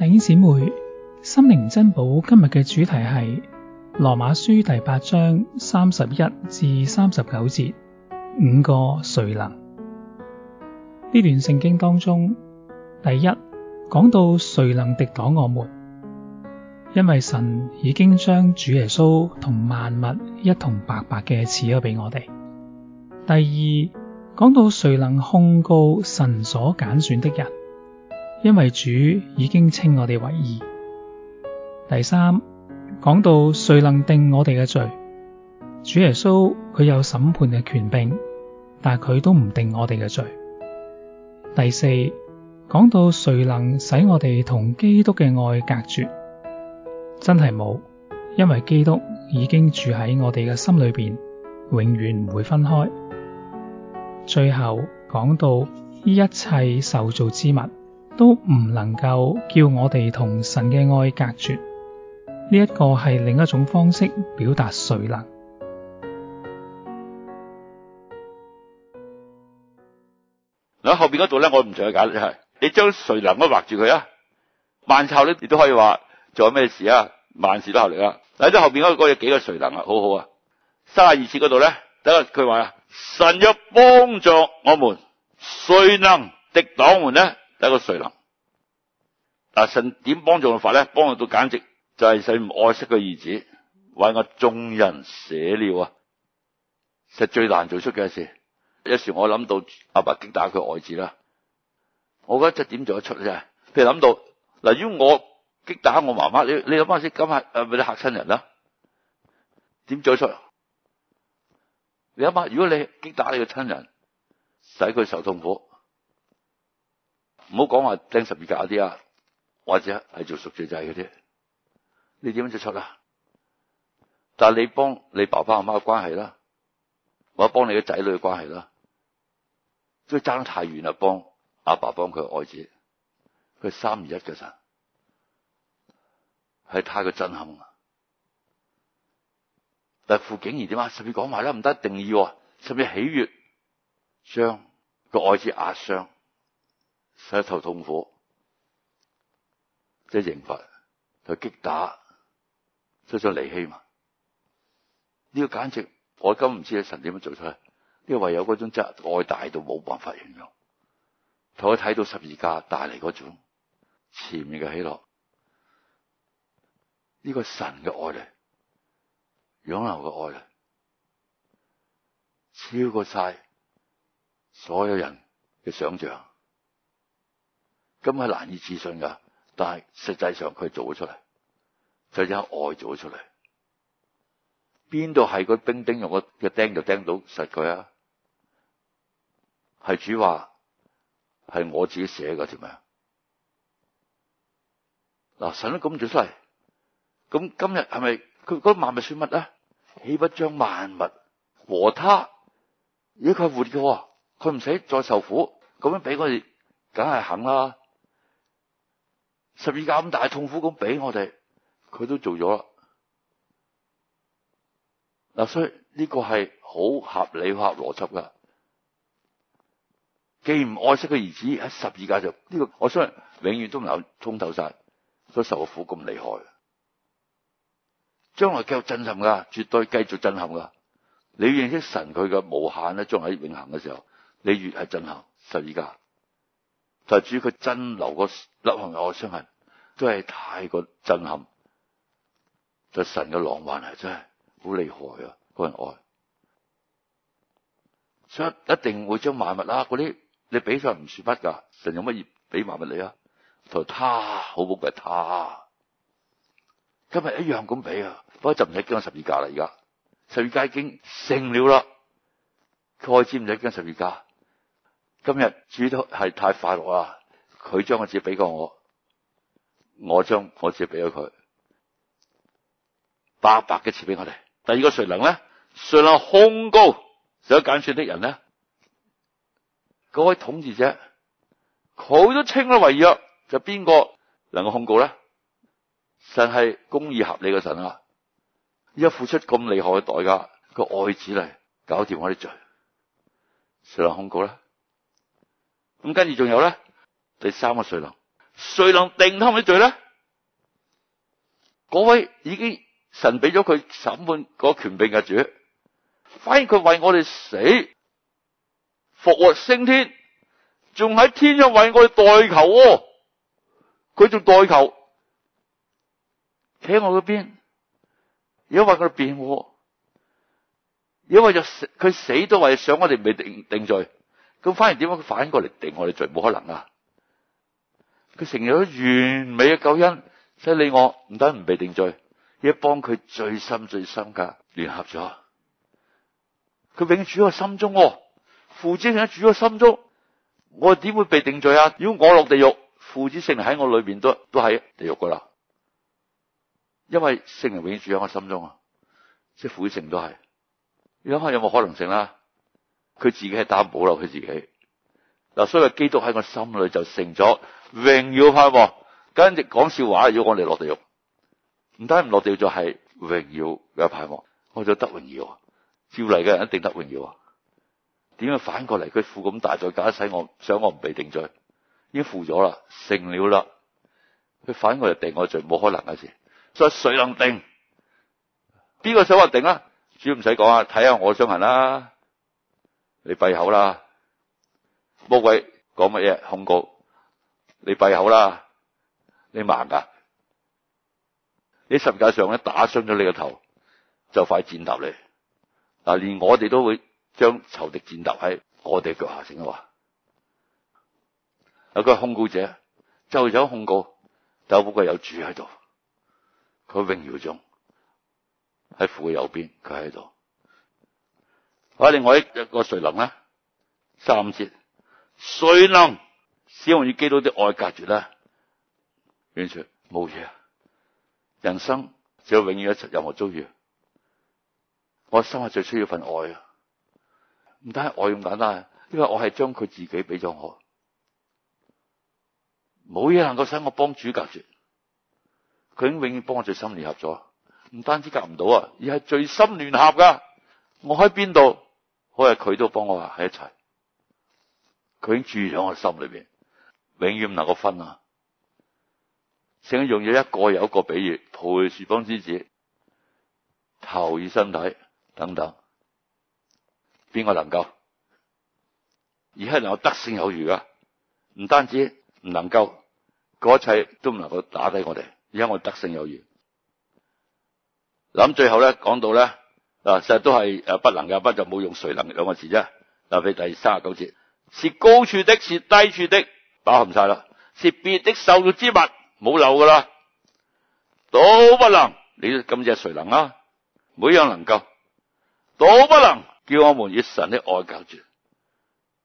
弟兄姊妹，心靈珍寶今日嘅主題係羅馬書第八章三十一至三十九節五個誰能？呢段聖經當中，第一講到誰能敵擋我們？因為神已經將主耶穌同萬物一同白白嘅賜咗俾我哋。第二講到誰能控告神所揀選的人？因為主已經稱我哋為義。第三，講到誰能定我哋嘅罪？主耶穌佢有審判嘅權柄，但係佢都唔定我哋嘅罪。第四，講到誰能使我哋同基督嘅愛隔絕？真係冇，因為基督已經住喺我哋嘅心裏邊，永遠唔會分開。最後講到呢一切受造之物，都唔能夠叫我哋同神嘅愛隔絕，呢一個係另一種方式表達誰能嗱。後邊嗰度咧，我唔再解釋。你係你將誰能都畫住佢啊。萬籌呢，你都可以畫，做咩事啊？萬事都效力啊！喺即後邊嗰個有幾個誰能啊？好好啊！卅二節嗰度咧，第一個佢話啊，神若幫助我們，誰能敵擋我們咧？第一個誰能？但神點幫助我法咧？幫佢到簡直就係使唔愛惜嘅兒子為我眾人捨了啊！實最難做出嘅事，有時我諗到阿爸擊打佢愛子啦，我覺得即係點做得出啫？譬如諗到嗱，如果我擊打我媽媽，你你諗下先，咁係誒咪你吓親人啦？點做得出？你諗下，如果你擊打你嘅親人，使佢受痛苦。唔好講話釘十字架啲啊，或者係做贖罪祭嗰啲，你點樣做出啦？但係你幫你爸爸阿媽嘅關係啦，或者幫你嘅仔女嘅關係啦，都爭太遠啦。幫阿爸幫佢愛子，佢三二一嘅神，係太過震撼啊！但係傅景然點啊？甚至講埋咧唔得，定義甚至喜悅將個愛子壓傷。使頭痛苦，即係刑罰，就擊打，即想離棄嘛？呢、這個簡直我今唔知阿神點樣做出嚟，呢、這、為、個、唯有嗰種責愛大到冇辦法形容。同我睇到十字架帶嚟嗰種前面嘅喜樂，呢、這個神嘅愛嚟，湧流嘅愛嚟，超過晒所有人嘅想象。咁係難以置信噶，但係實際上佢做咗出嚟，就係愛做咗出嚟。邊度係個兵丁用個嘅釘就釘到實佢啊？係主話，係我自己寫噶，條命嗱，神都咁做出嚟，咁今日係咪佢嗰萬物算乜啊？豈不將萬物和他？如果佢活嘅，佢唔使再受苦，咁樣俾佢，梗係肯啦。十二架咁大痛苦咁俾我哋，佢都做咗啦。嗱，所以呢個係好合理、合邏輯噶。既唔愛惜佢兒子喺十二家就，呢個我相信永遠都唔有通透晒。個受苦咁厲害，將來繼續震撼噶，絕對繼續震撼噶。你認識神佢嘅無限呢，仲喺永恒嘅時候，你越係震撼十二家。就係至於佢真流嗰粒紅我傷痕，都係太過震撼。就神嘅浪漫啊，真係好厲害啊，個人愛。所以一定會將萬物啦，嗰啲你俾上唔算乜噶。神有乜嘢俾萬物你啊？就他好寶貴，他今日一樣咁俾啊。不過就唔使驚十二架啦，而家十二架已經勝了啦，再接唔使驚十二架。今日主都係太快樂啦！佢將個字俾過我，我將我字俾咗佢，白白嘅賜俾我哋。第二個誰能咧？誰能控告？想揀選的人咧？嗰位統治者，佢都稱咗為義，就邊個能夠控告咧？神係公義合理嘅神啊！而家付出咁厲害嘅代價，個愛子嚟搞掂我啲罪，誰能控告咧？咁跟住仲有咧，第三個誰能，誰能定他們的罪咧？嗰位已經神俾咗佢審判個權柄嘅主，反而佢為我哋死復活升天，仲喺天上為我哋代、啊、代求，佢仲代求，企我嗰邊，而家話佢辯我，而家話就佢死都為想我哋未定定罪。咁反而點解佢反過嚟定我哋罪？冇可能啊！佢成日都完美嘅救恩，即係你我唔單唔被定罪，亦幫佢最深最深噶聯合咗。佢永住喺心中，父子聖住喺心中，我點會被定罪啊？如果我落地獄，父子聖喺我裏邊都都喺地獄噶啦，因為聖人永住喺我心中啊，即係父子聖都係。你諗下有冇可能性啦？佢自己係擔保啦，佢自己嗱、啊，所以基督喺我心裏就成咗榮耀派，簡直講笑話，如果我哋落地獄，唔單唔落地獄就係榮耀嘅派，我就得榮耀，啊，照嚟嘅人一定得榮耀。啊。點樣反過嚟？佢負咁大罪，假使我想我唔被定罪，已經負咗啦，成了啦，佢反過嚟定我罪，冇可能嘅事。所以誰能定？邊個想話定啊？主要唔使講啊，睇下我嘅傷痕啦。你閉口啦，魔鬼講乜嘢控告？你閉口啦，你盲噶、啊，你實際上咧打傷咗你個頭，就快戰鬥你。嗱，連我哋都會將仇敵戰鬥喺我哋腳下，先成話。有個控告者就咁控告，但係魔鬼有主喺度，佢榮耀中喺父右邊，佢喺度。我哋我喺另外一個誰能啦三節誰能使用與基督啲愛隔絕啦？完全冇嘢、啊，人生只有永遠一齊，任何遭遇，我心下最需要份愛啊！唔單係愛咁簡單，因為我係將佢自己俾咗我，冇嘢能夠使我幫主隔絕，佢已經永遠幫我最深聯合咗，唔單止隔唔到啊，而係最深聯合噶。我喺邊度？因為佢都幫我喺一齊，佢已經住咗我心裏邊，永遠唔能夠分啊！聖經用咗一個又一個比喻，陪樹方之子、頭以身體等等，邊個能夠？而係我得勝有餘啊！唔單止唔能夠，嗰一切都唔能夠打低我哋，而家我得勝有餘。諗最後咧，講到咧。嗱、啊，實際都係誒、啊，不能嘅，不就冇用誰，誰能兩個字啫？嗱，你第三十九節，是高處的，是低處的，包含晒啦，是別的受造之物，冇漏噶啦，都不能。你咁就誰能啊？每樣能夠，都不能叫我們以神的愛隔住，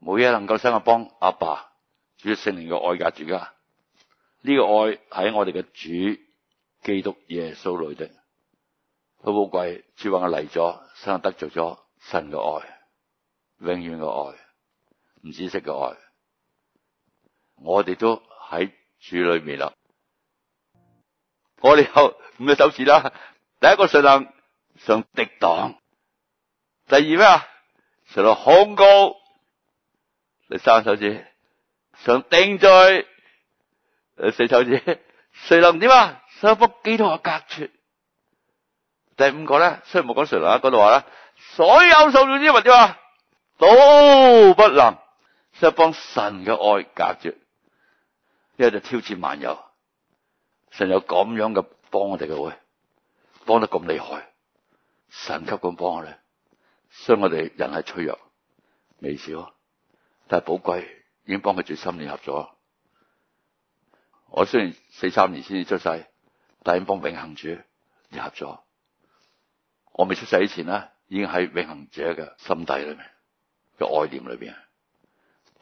每嘢能夠使我幫阿爸主聖靈嘅愛隔住噶。呢、這個愛喺我哋嘅主基督耶穌裏的。好寶貴，主話我嚟咗，使我得着咗神嘅愛，永遠嘅愛，唔止息嘅愛。我哋都喺主裏面啦。我哋有五隻手指啦。第一個誰能上敵擋？第二咩啊？誰能控告；第三手指，誰能定罪？誒，四手指，誰能點啊？收復基督嘅隔絕？第五個咧，雖然冇講誰啦，嗰度話咧，所有受造之物啊，都不能即係幫神嘅愛隔絕，因為就挑戰萬有，神有咁樣嘅幫我哋嘅愛，幫得咁厲害，神級咁幫我咧，所以我哋人係脆弱、微小，但係寶貴，已經幫佢最心聯合咗。我雖然四三年先至出世，但係已經幫永恆主聯合咗。我未出世以前啦，已經喺永恆者嘅心底裡面嘅愛念裏邊，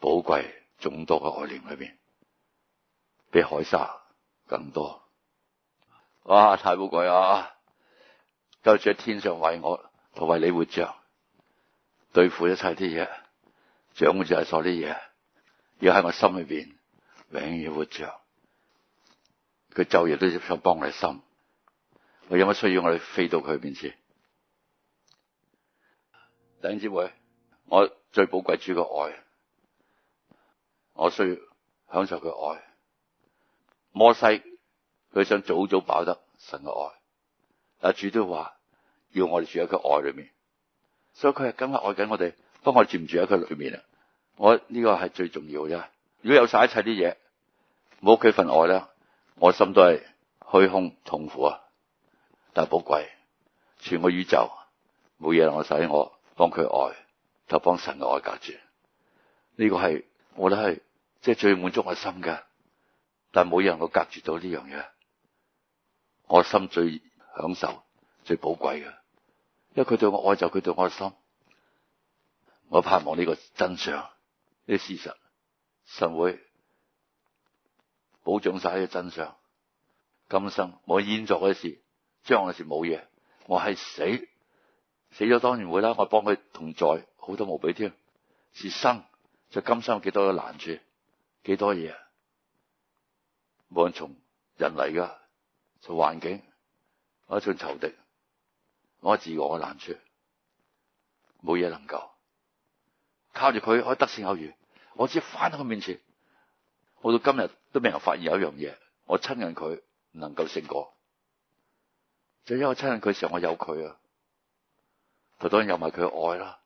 寶貴眾多嘅愛念裏邊，比海沙更多。哇，太寶貴啊！都住喺天上為我，同為你活着，對付一切啲嘢，掌握住係所有啲嘢，要喺我心裏邊永遠活着。佢晝夜都想幫我哋心，我有乜需要，我哋飛到佢面前。弟兄姊妹，我最寶貴主嘅愛，我需要享受佢愛。摩西佢想早早飽得神嘅愛，但主都話要我哋住喺佢愛裡面，所以佢係今日愛緊我哋，不過我哋住唔住喺佢裡面啊？我呢個係最重要嘅啫，如果有晒一切啲嘢冇佢份愛啦，我心都係虛空痛苦啊！但寶貴全個宇宙冇嘢能使我。幫佢愛就幫神嘅愛隔絕，呢、這個係我咧係即係最滿足我心噶但係冇人可以隔絕到呢樣嘢，我心最享受、最寶貴嘅。因為佢對我愛就佢對我心，我盼望呢個真相，呢、這、啲、個、事實，神會保障晒呢個真相。今生我演作嘅事，將嘅事冇嘢，我係死。死咗當然會啦，我幫佢同在好多，多，多無比添。是生就今生有幾多嘅難處，幾多嘢啊？無論從人嚟噶，從環境，我一從仇敵，我自我嘅難處，冇嘢能夠靠住佢可以得勝有餘。我只翻到佢面前，我到今日都未能發現有一樣嘢，我親近佢唔能夠勝過。就因為我親近佢時候，我有佢啊。佢當然又唔係，佢嘅愛啦。